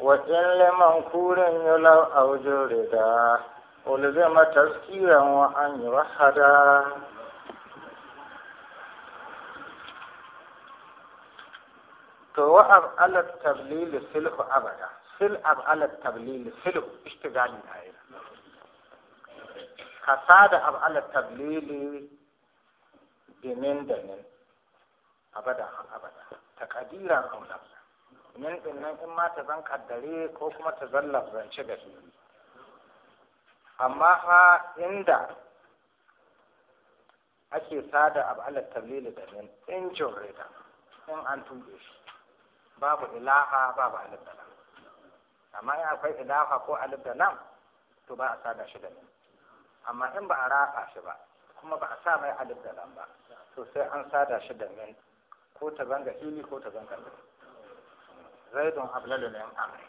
wacin laman kurin yalau a wajen riga wani zama wa an yi wahada to wa ab ala tablil abada sil ab ala tablil silh istigali ayi kasada ab ala tablil dinin dinin abada abada takadiran aw min din nan in ma ta zan kaddare ko kuma ta zan lafzance da su amma fa inda ake sada abu ala tablili da min in jurrida in an tuɗe shi babu ilaha babu alif da lam amma in akwai ilaha ko alif da lam to ba a sada shi da min amma in ba a raka shi ba kuma ba a sa mai alif da lam ba to sai an sada shi da min ko ta zanga ili ko ta zanga min zaidun ablalu min amri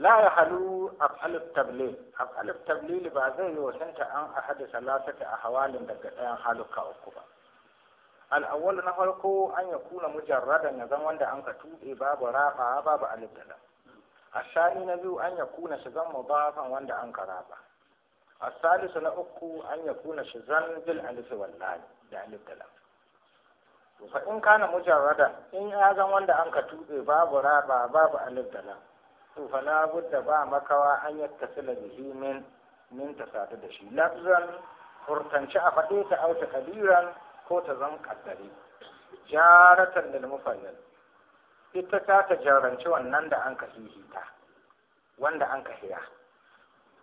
la ya halu af'alut tablil af'alut tablil ba zai yi wasanta an ahadu salasata a hawalin daga ɗayan haluka uku ba al'awwal na farko an ya kuna mujarradan ya zan wanda an ka tuɗe babu rafa babu alibdala asani na biyu an ya kuna shi zan mudafan wanda an ka raba asalisu na uku an ya kuna shi zan bil alifi wallahi da alibdala to fa in kana mujarrada in ya zan wanda an ka tuɗe babu raba babu alif da lam to fa la budda ba makawa an yattasila bihi min min tasadu da shi lafzan furtanci a faɗe ta auta kadiran ko ta zan kaddare jaratan lil mufallal ita ta ta jaranci wannan da an ka ta, wanda an ka hira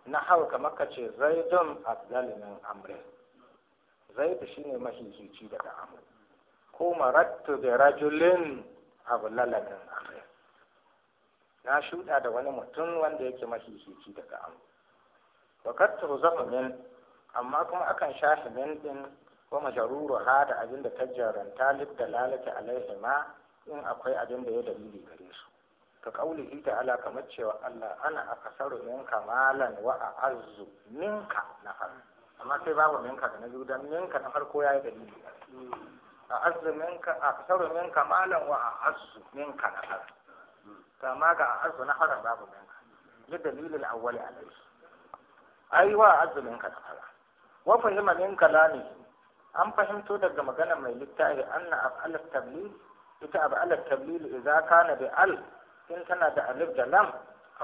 na hau kamar ka ce zaidun abdal amrin zaidu shine mahihici daga amrin marattu bi rajulin abu ablalan akhir na shuda da wani mutum wanda yake mahihici daga am wa kad tuzafu min amma kuma akan shafi min din ko majaruru ha da abin da tajjaranta lib da lalata alaihima in akwai abin da ya dalili gare su ka ta ala kamar cewa Allah ana akasaru min kamalan wa arzu minka na farko amma sai babu minka da na biyu don minka na farko yayi dalili A minka aksaru minka malan wa a'azzu minka na har kama ga a'azzu na haram babu minka li dalilil awwali alayhi ai wa a'azzu ka na har wa fahima min kalami an fahimto daga magana mai littafi anna af'al tablil ita af'al tablil idza kana bi al in tana da alif da lam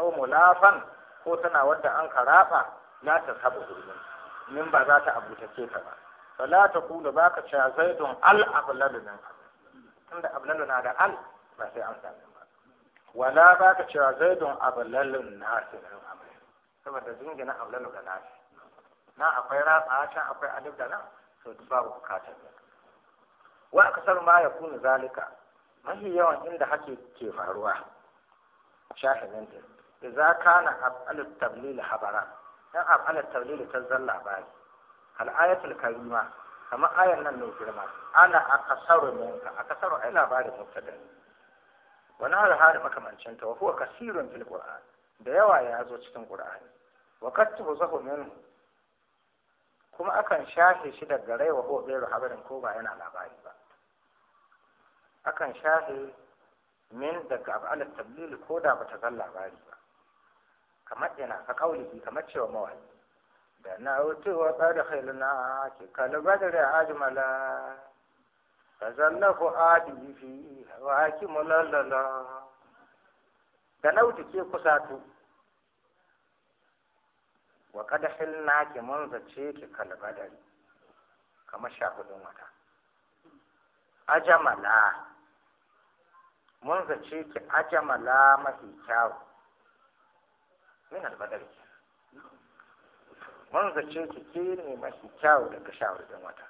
aw mulafan ko tana wadda an karaba la ta sabu min ba za ta abutace ta ba fala ta kula ba ka ce zaidun al ablalu nan tunda ablalu na da al ba sai an sami ba wala ba ka ce zaidun ablalu nasi nan saboda jingina ablalu ga nasi na akwai ratsa can akwai alif da nan to duk babu bukatar wa akasar ma ya kunu zalika mafi yawan inda hake ke faruwa shahidin da idza kana afal tablil habara dan afal tablil ta zalla bari al'ayatul karima kamar ayan nan mai girma ana akasaru minka akasaru ai labarin mutada wani hal hal makamancin ta wa kasirun fil qur'an da yawa ya zo cikin qur'ani wa qad zahu min kuma akan shafe shi daga rai wa ko bayru habarin ko ba yana labari ba akan shafe min daga af'al tablil ko da bata zan labari ba kamar yana ka kauli kamar cewa mawaki Da na wuce waƙar da hilna ki kalabar da adi biyu, haƙi mu lalala. Da laufe ki munzace ki kalabar da ri, kamar shaku ɗin wata. Ajamala, munzace ki ajamala mafi kyawu. Me na da bala da mun zace ki ke ne mafi kyawu daga shawarin wata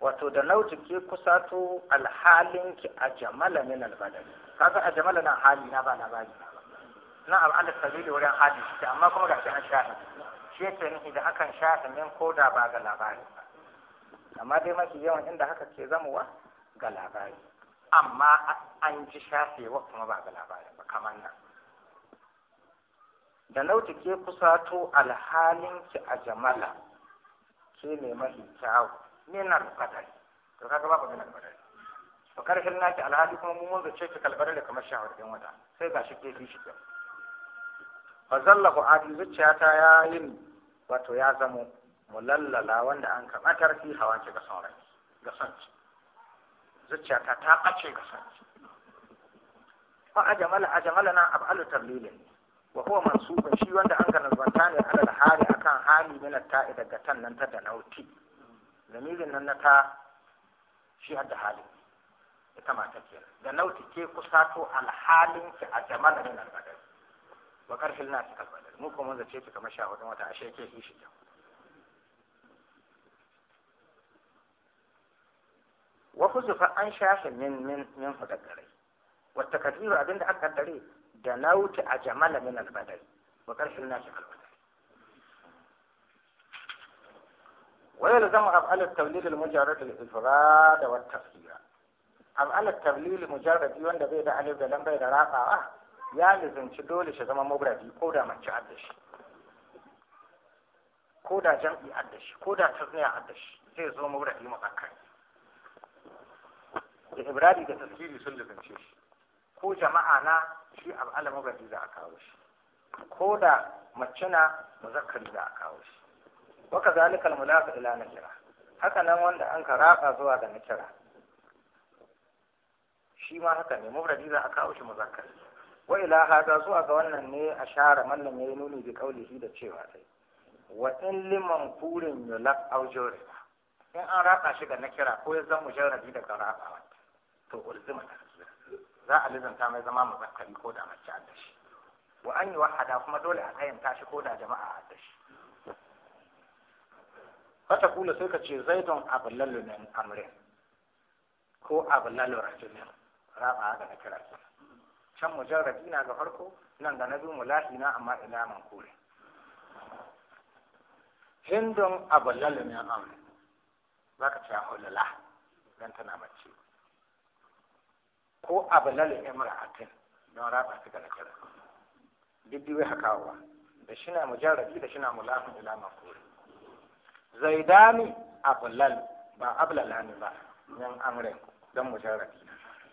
wato da nauti ke kusa to alhalin ki a jamala min albalad kaga a jamala nan hali na ba Na labari na al'adar sabili wurin hali shi amma kuma ga shi an shahin shi yake nufi da akan min ko da ba ga labari amma dai mafi yawan inda haka ke zamuwa ga labari amma an ji wa kuma ba ga labari ba kamar nan da nauti ke kusato alhalinki a jamala ke ne mafi kyawu na badal to kaga ku minar badal to karshen naki alhali kuma mun wanzu ce ki kalbar da kamar shawar din wata sai shi ke fi shi din fa zallahu adi zuciyata ya yin wato ya zamo mulallala wanda an kamatar fi hawa ki ga sauran ga sanci zuciya zuciyata ta kace ga sanci fa ajamala ajamala na abalu tarlilin wa huwa mansubun shi wanda an zanta ne alal hali akan hali min ta'i daga tan nan ta da nauti zamirin nan na ta shi hadda hali ita mata kenan da nauti ke kusato alhalin ki a jamala min albadar wa karfil na ta albadar mu kuma zace ki kamar sha hudu wata ashe ke shi kyau wa fa an shafe min min min hudaggarai wa takadiru abinda aka dare da na wuce a jamala min albadar wa karshen nashi albadar ويلزم أفعال التبليل المجرد الإفراد والتفسير أفعال التبليل المجرد يوان دا بيدا ألف دا لم بيدا راقا يا لزم شدول شزم مبردي قودا من شعدش قودا جمعي عدش قودا تزنيع عدش زي زو مبردي مقاكا إفرادي دا تسكيري سلزم شيش ko jama'a na shi al'ala mubadi za a kawo shi ko da mace na muzakkari za a kawo shi waka zalika almulaqi ila nakira haka nan wanda an karaba zuwa ga nakira shi ma haka ne mubadi za a kawo shi muzakkari wa ila hada zuwa ga wannan ne a share mallan yayi nuni bi qaulihi da cewa sai wa in liman furin yulaq aw jawriha in an raka shi ga nakira ko ya zama mujarrabi daga rabawa to ulzima za a lizanta mai zama muzakkari ko da mace da shi wa an yi wahada kuma dole a kayyanta shi ko da jama'a da shi fata kula sai ka ce zaidon abulalu min amrin ko abulalu rajulin raba ga na kira can mujarrabi na ga farko nan da na biyu mulahi na amma ina man kore hindun abulalu min amrin za ka ce hulula dan tana mace ko abalal imra'atin don raba su ga nakira duk haka wa da shi na mujarrabi da shi na mulafin ila mafuri zaidani abalal ba ablalani ba yan amre don mujarrabi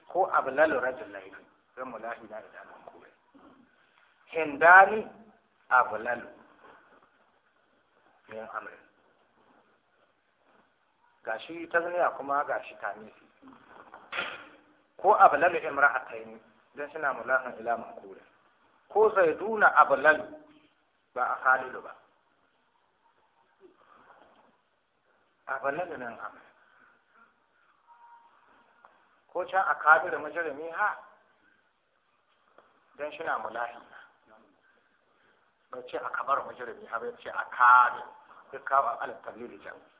ko abalal rajulai don mulafi na ila mafuri hindani abalal yan amre gashi ta zaniya kuma gashi tamis ko ablalu imra'ataini dan suna mulahan ila maqula ko zaiduna ablalu ba a khalilu ba ablalu nan ha ko can a kabiru majalumi ha dan suna mulahin ba ce a kabar majalumi ha bai ce a kabiru duk kama ala tablili jami'i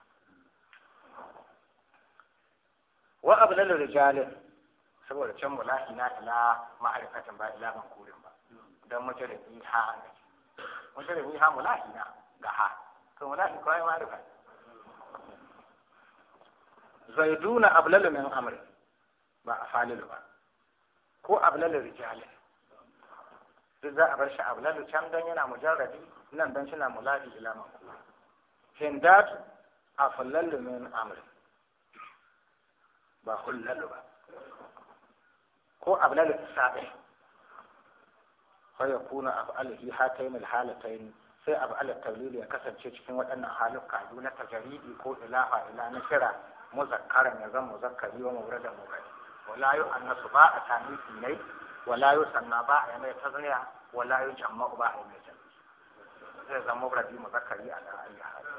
wa ablalu rijalin saboda can mu la'ina ila ma'arifatan ba ila ban kurin ba don mace da bi ha an mace da bi ha mu la'ina ga ha to mu la'ina kawai ma'arifa zaiduna ablalu min amri ba a falilu ba ko ablalu rijali duk za a bar shi ablalu can don yana mujarrabi nan don suna mulafi ila man kurin hindatu a fallalu min amri ba hullalu ba ko ablal sabi fa yakuna af'aluhu hatayn al-halatayn sai af'al tawlil ya kasance cikin waɗannan halukka biyu na tajaridi ko ilaha ila na kira muzakkaran ya zama muzakkari wa mufradan mufrad wala yu annasu ba a sami ne wala yu sanna ba a mai tazniya wala yu jamma'u ba a mai jamma'u zai zama mufradi muzakkari a da ayyuka